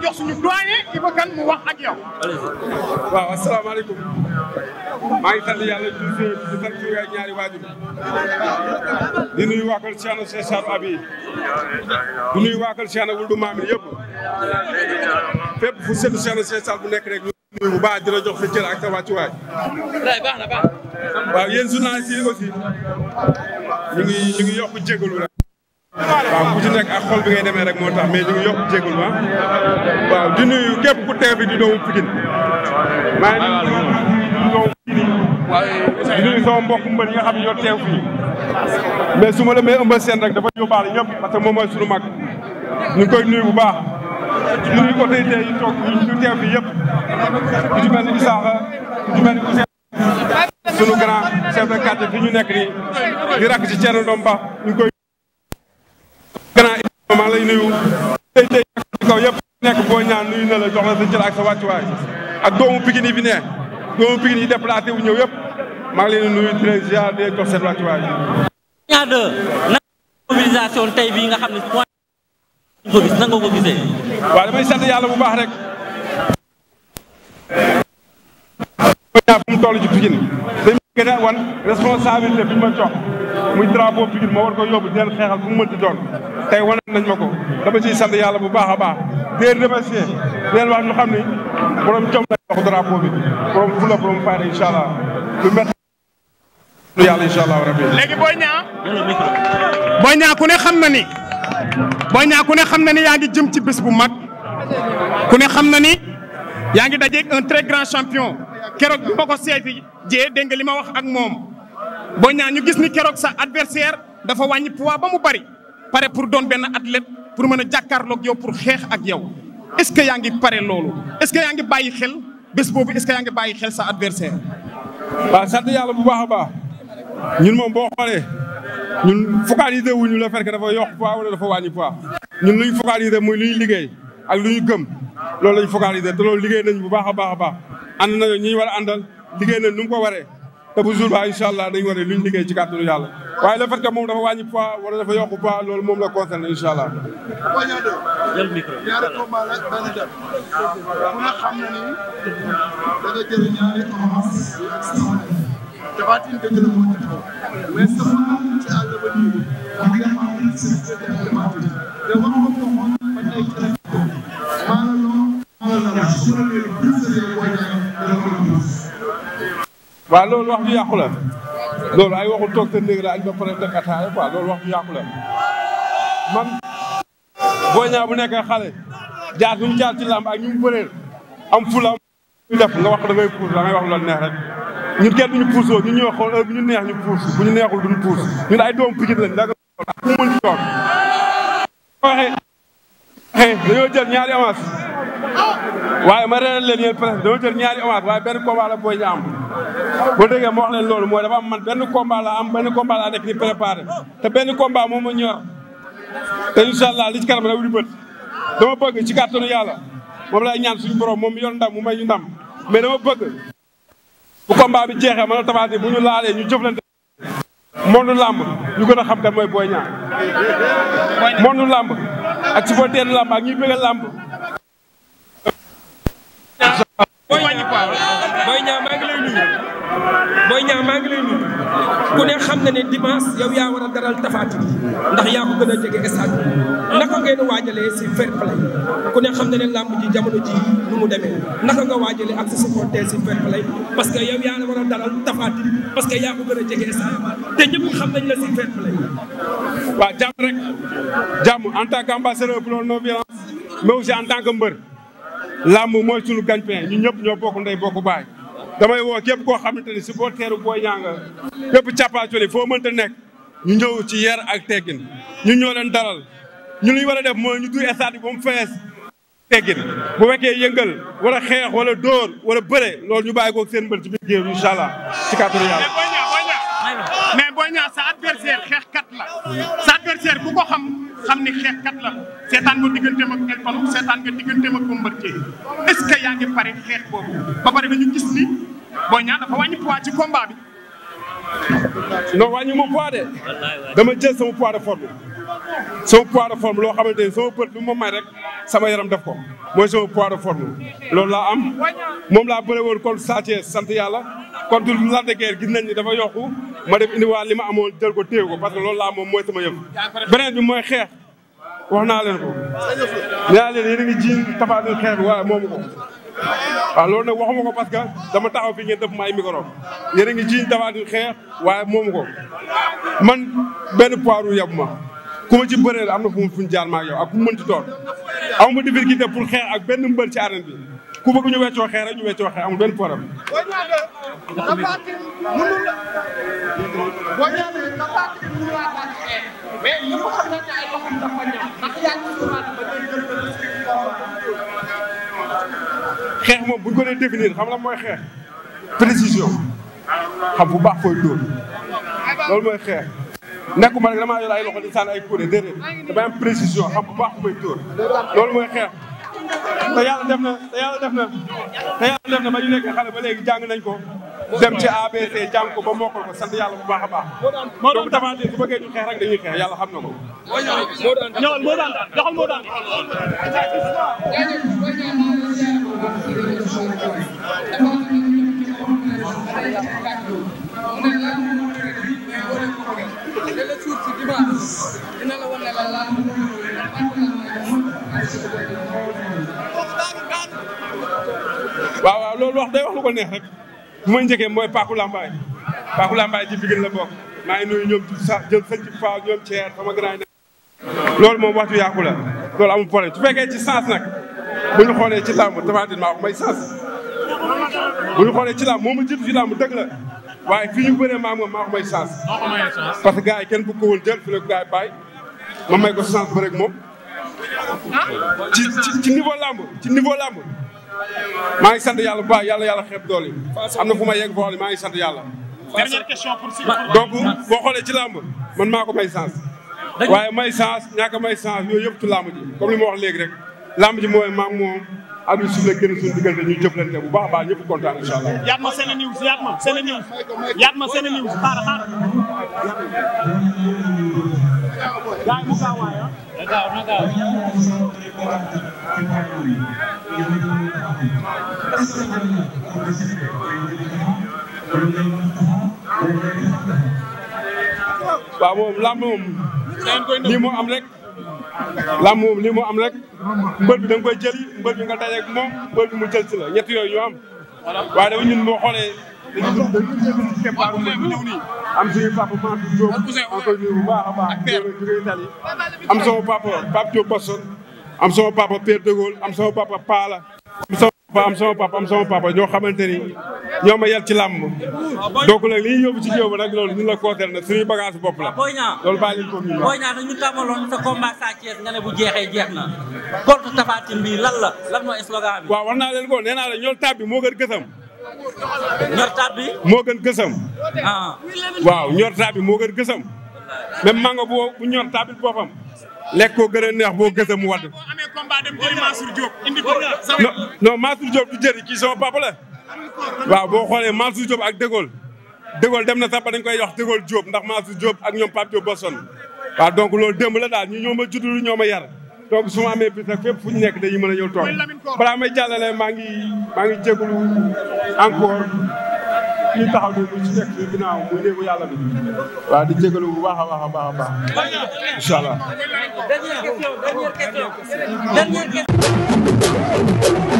dañuy jox suñu doyen Iba Kane mu wax ak yow. waaw asalaamaaleykum maa ngi sant yàlla di nuyu di sant suñu ñaari waajur di nuyu waa Kër Cheikh Seydou Sadou Abi di nuyu waa Kër Cheikh wul du maam yëpp fépp fu seetu Cheikh Seydou bu nekk rek ñu nuyu bu baax di la jox sa cër ak sa wàccuwaay. waaw yéen journaliste yi aussi ñu yokk jégalu rek. waaw ku ci nekk ak xol bi ngay demee rek moo tax mais ñu ngi yokk jégalu ma ah. waaw di nuyu képp ku teew bi di doomu Pikine maa ngi nuyu di nuyu sama mbokk mbër yi nga xam ne ñoo teew fii mais su ma demee ëmbal seen rek dafa yóbbaale ñëpp parce que moom mooy suñu mag ñu ngi koy nuyu bu baa di nuyu autorité yi toog ñu teew fii yëpp ku ci mel ni Isaaxa ku ci mel ni Ousseynou sunu grand chef de fi ñu nekk nii di rakk ci Thierno Ndomba ñu koy ngi lay nuyu tey tey ci yëpp nekk boo ñaan nuyu na la jox sa cër ak sa ak doomu Pikine yi fi ne doomu Pikine yi déplacé wu ñëw yëpp maa ngi leen di nuyu di leen ziar di leen jox seen wàccuwaay ñaar de na tey bii nga xam ne point ko gis nan nga ko gisee waaw damay sant yàlla bu baax rek boo ñaa fu mu toll ci Pikine dañ gën a wan responsabilité bi ñu ma jox muy drapeau Pikine moo war ko yóbbu di leen fu mu mënti tey wane nañ ma ko dama ciy sant yàlla bu baax a baax di leen remercier di wax ñu xam ni borom jom la wax drapeau bi borom fula borom fayda incha allah lu métti yàlla incha allah rabbi léegi Boy Niang Boy Niang ku ne xam na ni Boy Niang ku ne xam na ni yaa ngi jëm ci bés bu mag ku ne xam na ni yaa ngi dajeeg un très grand champion keroog bi ma ko seeti jee dégg nga li ma wax ak moom Boy Niang ñu gis ni keroog sa adversaire dafa wàññi poids ba mu bari pare pour doon benn athlète pour mën a jàkkaarloog yow pour xeex ak yow est-ce que yaa ngi pare loolu est-ce que yaa ngi bàyyi xel bés boobu est-ce que yaa ngi bàyyi xel sa adversaire waaw sant yàlla bu baax a baax ñun moom boo xoolee ñun focaliser wuñu la fekk dafa yokk poids wala dafa wàññi poids ñun luñ focaliser muy luñ liggéey ak lu ñu gëm loolu lañ focaliser te loolu liggéey nañ bu baax a baax a baax ànd nañu ñuy war a àndal liggéey nañ nu mu ko waree te bu jour ba incha allah dañ waree luñ liggéey ci kàttanu yàlla waaye le fait que moom dafa wàññi poids wala dafa yokk poids loolu moom la concerné incha allah. jël micro ñaari combat la benn dem ku ne xam na ni da nga jël ñaari avance dafa tin dëgg la moo ci kaw mais sama ci àll ba nii di nga xam ne ci dëgg la moo ci te wax ko ko xool ba tey ci la ko maanaam maanaam la su la leen plus de ko ñaan dana ko waaw loolu wax ju yàqu la loolu ay waxul toog sa néeg la añ ba pare dëkk ataaya quoi loolu wax bu yàqu la man Boy Niang bu nekkee xale jaar ñu jaar ci làmb ak ñu mu am fula am def nga wax da ngay puus da ngay wax lu la neex rek ñun kenn duñu puusoo ñun ñoo xool heure bu ñu neex ñu puus bu ñu neexul duñu puus ñun ay doom picc lañ danga ku mën ci toog waxee waxee dañoo jël ñaari avance waaye ma reeral leen yéen presque dañoo jël ñaari avance waaye benn combat la Boy Niang boo déggee ma wax leen loolu mooy dafa am man benn combat la am benn combat laa nekk di préparé te benn combat moom ma ñor te incha allah li ci kanam rawu di bët dama bëgg ci kàttanu yàlla moom laay ñaan suñu borom moom yor ndam mu may ñu ndam mais dama bëgg bu combat bi jeexee ma la Tapha bu ñu laalee ñu jëflante monde làmb ñu gën a xam kan mooy Boy Niang monde làmb ak si supporter làmb ak ñuy bëgg a làmb Boy nuyu booy ñaa maa ngi lay nuyu ku ne xam na ne dimanche yow yaa war a daral tafaati bi ndax yaa ko gën a jege stade bi naka ngeen waajalee si fair play ku ne xam na ne làmb ji jamono ji nu mu demee naka nga waajalee ak sa supporter si fair play parce que yow yaa war a daral tafaati bi parce que yaa ko gën a jege stade te ñëpp xam nañ la si fair play waaw jàmm rek jàmm en tant qu'ambassadeur pour la non violence mais aussi en tant que mbër làmb mooy sunu gagne-pain ñun ñëpp ñoo bokk ndey bokk baay damay woo képp koo xamante ni si boo supporteru Boy Niang nga képp càppaacoli foo mënta nekk ñu ñëw ci yar ak teggin ñu ñoo leen dalal ñu li war a def moo ñu duy stade boo mu fees teggin bu fekkee yëngal wala xeex wala dóor wala bëre loolu ñu bàyyi ko seen mbër ci biir géew incha allah ci kàttanu yàlla mais Boy Niang sa adversaire xeexkat la sa adversaire bu ko xam xam ni xeexkat la seetaan goo digganteem ak El Fallou seetaan nga digganteem ak Bombardier est-ce que Boy Niang dafa wàññi poids ci combat bi. non wàññi ma poids dama jël sama poids de forme sama poids de forme loo xamante ni sama bët bi ma rek sama yaram def ko mooy sama poids de loolu laa am moom laa bëre woon contre Sa sant yàlla contre Lac de Guiers gis nañ ni dafa yokku ma def indiwaat li ma amoon jël ko téye ko parce que loolu laa moom mooy sama yëf beneen bi mooy xeex wax naa leen ko nee naa leen yéen a ngi xeex waaye moomu ko waaw loolu nag waxuma ko parce que dama taxaw fi ngeen def ma ay micro yéen a ngi jiiñ Tapha Tine xeex waaye moom ko man benn poids yab ma ku ma ci am na fu mu jaar ma ak yow ak ku mënti toog amuma difficulté pour xeex ak benn mbër ci arène bi ku bëgg ñu weccoo xeex rek ñu weccoo xeex amul benn problème. mais xeex moom bu ñu ko dee définir xam la mooy xeex précision xam bu baax koy dóor loolu mooy xeex nekkuma rek damaa yor ay loxo di sànni ay kuréel déedéet damay am précision xam bu baax koy dóor loolu mooy xeex te yàlla def na te yàlla def na te yàlla def na ba ñu nekk xale ba léegi jàng nañ ko dem ci ABC jàng ko ba mokkal ko sant yàlla bu baax a baax. moo daan daan bu bëggee ñu xeex rek dañuy xeex yàlla xam na ko. ñëwal moo daan daan. waaw waaw loolu wax day wax lu ko neex rek bu ma njëkkee mooy Paaku Lambaay Paaku Lambaay ci Pikine la bokk maa ngi nuyu ñoom sa jël sëñ ci faaw ñoom Thier sama grand loolu moom waxtu yàqu la loolu amul problème tu fekkee ci saas nag bu ñu xoolee ci làmb Tapha Tine maa ko may sens bu ñu xoolee ci làmb moom ma jiitu ci làmb dëgg la waaye fi ñu bëree maa moom maa ko may sens parce que gars kenn bu ko woon jël fi la gars yi ma may ko sens ba rek moom ci ci niveau làmb ci niveau làmb maa ngi sant yàlla bu baax yàlla yàlla xeeb dool yi am na fu ma yeg foo maa ngi sant yàlla dernière boo xoolee ci lamb man maa ko may sens waaye may sens ñaaka may sens yooyu yëpp ci làmb ji comme li ma wax léegi rek lamb ji mooy maam moom am suuf la gën a suñu diggante ñu jëflante bu baax a baax ñëpp kontaan incha allah. yaat ma seen news yaat ma seen news yaat ma seen news mu gaaw ah. moom am rek. làmb moom li mu am rek mbër bi da koy jëli mbër bi nga daje ak moom mbër bi mu jël si la ñett yooyu ñu am waaye dafa ñun boo xoolee dañu dañu keppaaru mbër am suñu Maam Diop a baax am sama papa Pape Diop am sama papa Pierre de am sama papa Pala ba am sama papa am sama papa ñoo xamante ni ñoo ma yar ci làmb donc nag li ñu yóbbu ci géew ba loolu ñun la kooteel na suñuy bagage bopp la loolu bàyyi leen ko ñu booy sa combat Sa Thiès nga ne bu jeexee jeex na contre lan la lan mooy waaw wax naa leen ko nee naa ñool tab bi moo gën gësam ñor taat bi moo gën gësam ah. waaw ñor taat bi moo gën gësam même mango bu ñor taat bi boppam lekk koo gën neex boo gësee mu wadd. non non Mansour Diop du jëri kii sama papa la. waaw boo xoolee Mansour Diop ak Dégol. Dégol dem na sax ba dañ koy wax Dégol Diop ndax Mansour Diop ak ñoom Pape Diop Boston. waaw donc loolu démb le daal ñu ñoo ma juddul ñoo ma yar. donc su ma amee bis nag fépp fu ñu nekk dañuy mën a ñëw toog balaa may jàllale maa ngi maa ngi jégalu encore. kii taxaw di ci nekk ci ginnaaw muy néegu yàlla bi waaw di jégalu bu baax a baax a baax a baax incha allah. dernière question